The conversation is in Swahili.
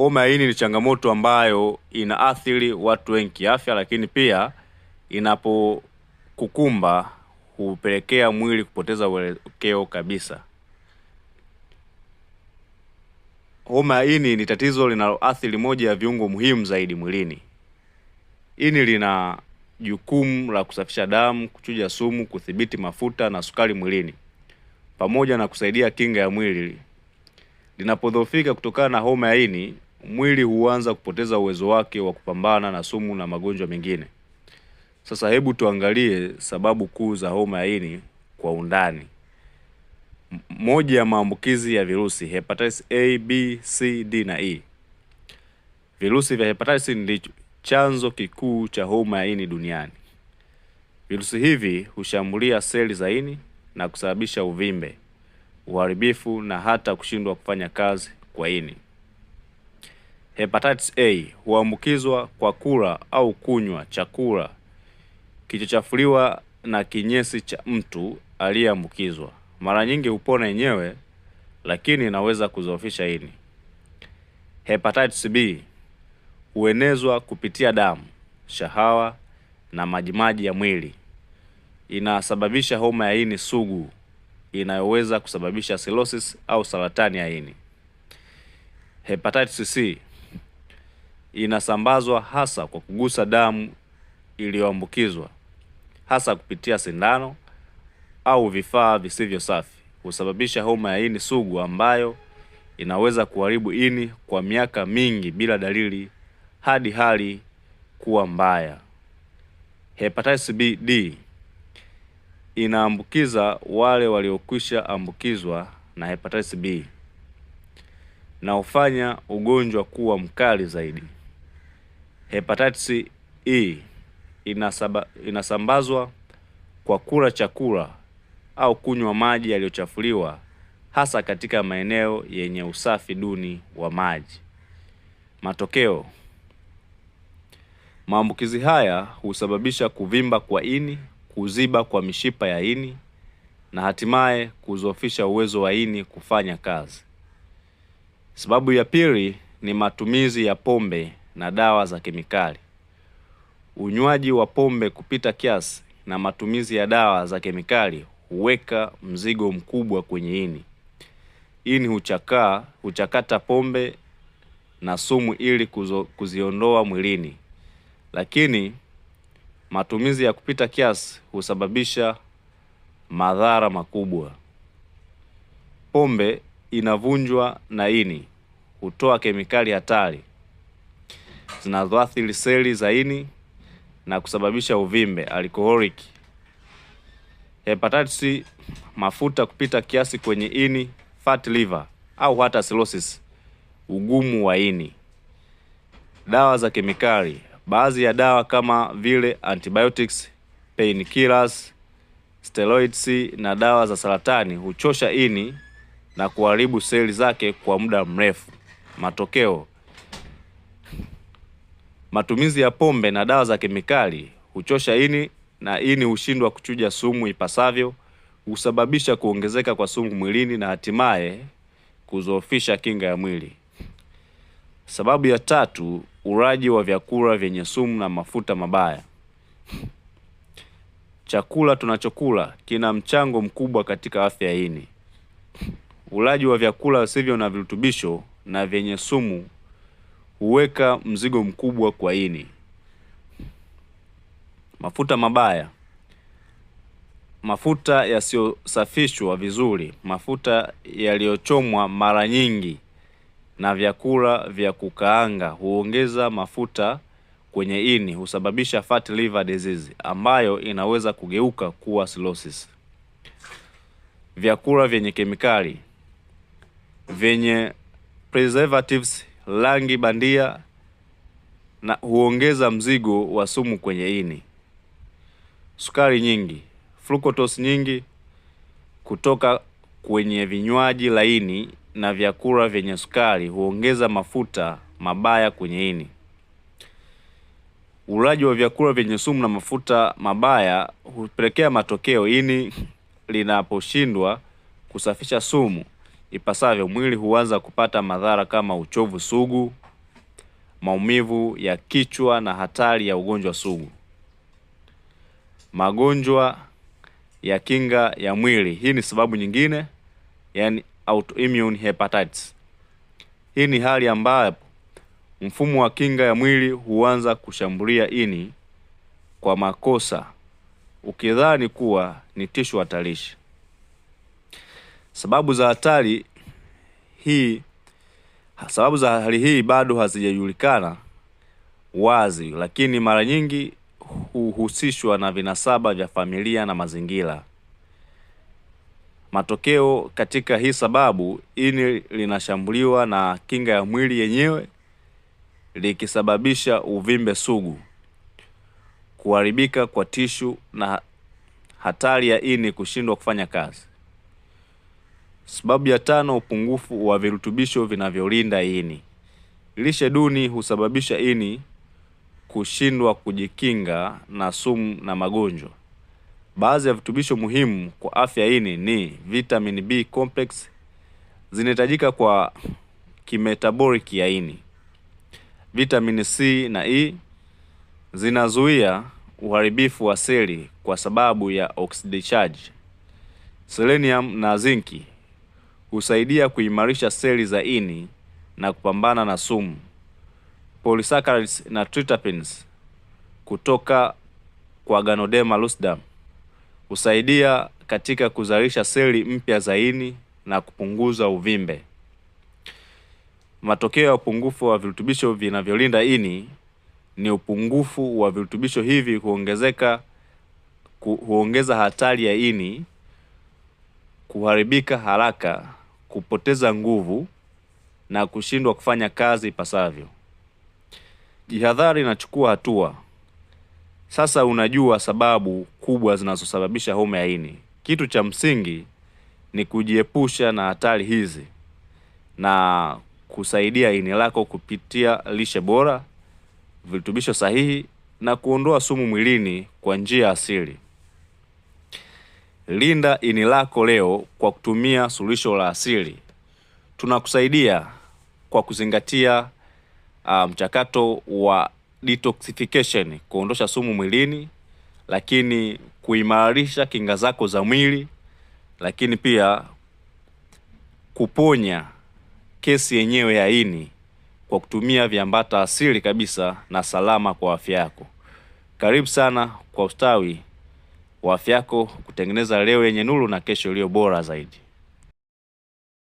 homa ya ini ni changamoto ambayo inaathiri watu wengi kiafya, lakini pia inapokukumba hupelekea mwili kupoteza uelekeo kabisa. Homa ya ini ni tatizo linaloathiri moja ya viungo muhimu zaidi mwilini. Ini lina jukumu la kusafisha damu, kuchuja sumu, kudhibiti mafuta na sukari mwilini, pamoja na kusaidia kinga ya mwili. Linapodhoofika kutokana na homa ya ini, mwili huanza kupoteza uwezo wake wa kupambana na sumu na magonjwa mengine. Sasa hebu tuangalie sababu kuu za homa ya ini kwa undani. Moja ya maambukizi ya virusi hepatitis A, B, C, D na E. Virusi vya hepatitis ni chanzo kikuu cha homa ya ini duniani. Virusi hivi hushambulia seli za ini na kusababisha uvimbe, uharibifu na hata kushindwa kufanya kazi kwa ini. Hepatitis A huambukizwa kwa kula au kunywa chakula kilichochafuliwa na kinyesi cha mtu aliyeambukizwa. Mara nyingi hupona yenyewe, lakini inaweza kuzoofisha ini. Hepatitis B huenezwa kupitia damu, shahawa na majimaji ya mwili. Inasababisha homa ya ini sugu inayoweza kusababisha cirrhosis au saratani ya ini. Hepatitis C inasambazwa hasa kwa kugusa damu iliyoambukizwa hasa kupitia sindano au vifaa visivyo safi. Husababisha homa ya ini sugu ambayo inaweza kuharibu ini kwa miaka mingi bila dalili hadi hali kuwa mbaya. Hepatitis B D inaambukiza wale waliokwisha ambukizwa na hepatitis B na hufanya ugonjwa kuwa mkali zaidi. Eh, Hepatitis E inasaba, inasambazwa kwa kula chakula au kunywa maji yaliyochafuliwa hasa katika maeneo yenye usafi duni wa maji. Matokeo: maambukizi haya husababisha kuvimba kwa ini, kuziba kwa mishipa ya ini na hatimaye kuzofisha uwezo wa ini kufanya kazi. Sababu ya pili ni matumizi ya pombe na dawa za kemikali. Unywaji wa pombe kupita kiasi na matumizi ya dawa za kemikali huweka mzigo mkubwa kwenye ini. Ini huchakaa, huchakata pombe na sumu ili kuzo, kuziondoa mwilini. Lakini matumizi ya kupita kiasi husababisha madhara makubwa. Pombe inavunjwa na ini, hutoa kemikali hatari zinazoathiri seli za ini na kusababisha uvimbe alcoholic. Hepatitis mafuta kupita kiasi kwenye ini fat liver, au hata cirrhosis, ugumu wa ini. Dawa za kemikali, baadhi ya dawa kama vile antibiotics, painkillers, steroids na dawa za saratani huchosha ini na kuharibu seli zake kwa muda mrefu. Matokeo Matumizi ya pombe na dawa za kemikali huchosha ini na ini hushindwa kuchuja sumu ipasavyo, husababisha kuongezeka kwa sumu mwilini na hatimaye kuzoofisha kinga ya mwili. Sababu ya tatu, uraji wa vyakula vyenye sumu na mafuta mabaya. Chakula tunachokula kina mchango mkubwa katika afya ya ini. Ulaji wa vyakula visivyo na virutubisho na vyenye sumu huweka mzigo mkubwa kwa ini. Mafuta mabaya, mafuta yasiyosafishwa vizuri, mafuta yaliyochomwa mara nyingi na vyakula vya kukaanga huongeza mafuta kwenye ini, husababisha fat liver disease ambayo inaweza kugeuka kuwa cirrhosis. Vyakula vyenye kemikali vyenye preservatives rangi bandia na huongeza mzigo wa sumu kwenye ini. Sukari nyingi, fructose nyingi kutoka kwenye vinywaji laini na vyakula vyenye sukari huongeza mafuta mabaya kwenye ini. Ulaji wa vyakula vyenye sumu na mafuta mabaya hupelekea matokeo ini linaposhindwa kusafisha sumu ipasavyo, mwili huanza kupata madhara kama uchovu sugu, maumivu ya kichwa na hatari ya ugonjwa sugu. Magonjwa ya kinga ya mwili, hii ni sababu nyingine, yani autoimmune hepatitis. Hii ni hali ambapo mfumo wa kinga ya mwili huanza kushambulia ini kwa makosa ukidhani kuwa ni tishu hatarishi. Sababu za hatari hii, sababu za hali hii bado hazijajulikana wazi, lakini mara nyingi huhusishwa na vinasaba vya familia na mazingira. Matokeo katika hii sababu, ini linashambuliwa na kinga ya mwili yenyewe likisababisha uvimbe sugu, kuharibika kwa tishu na hatari ya ini kushindwa kufanya kazi. Sababu ya tano, upungufu wa virutubisho vinavyolinda ini. Lishe duni husababisha ini kushindwa kujikinga na sumu na magonjwa. Baadhi ya virutubisho muhimu kwa afya ini ni vitamin B complex, zinahitajika kwa kimetaboriki ya ini. Vitamin C na E zinazuia uharibifu wa seli kwa sababu ya oxidation. Selenium na zinki husaidia kuimarisha seli za ini na kupambana na sumu, polysaccharides na triterpenes kutoka kwa Ganoderma lucidum husaidia katika kuzalisha seli mpya za ini na kupunguza uvimbe. Matokeo ya upungufu wa virutubisho vinavyolinda ini ni upungufu wa virutubisho hivi kuongezeka huongeza hatari ya ini kuharibika haraka kupoteza nguvu na kushindwa kufanya kazi ipasavyo. Jihadhari inachukua hatua. Sasa unajua sababu kubwa zinazosababisha homa ya ini. Kitu cha msingi ni kujiepusha na hatari hizi na kusaidia ini lako kupitia lishe bora, virutubisho sahihi na kuondoa sumu mwilini kwa njia asili. Linda ini lako leo kwa kutumia suluhisho la asili. Tunakusaidia kwa kuzingatia ah, mchakato um, wa detoxification, kuondosha sumu mwilini, lakini kuimarisha kinga zako za mwili, lakini pia kuponya kesi yenyewe ya ini kwa kutumia viambata asili kabisa na salama kwa afya yako. Karibu sana kwa ustawi wa afya yako kutengeneza leo yenye nuru na kesho iliyo bora zaidi.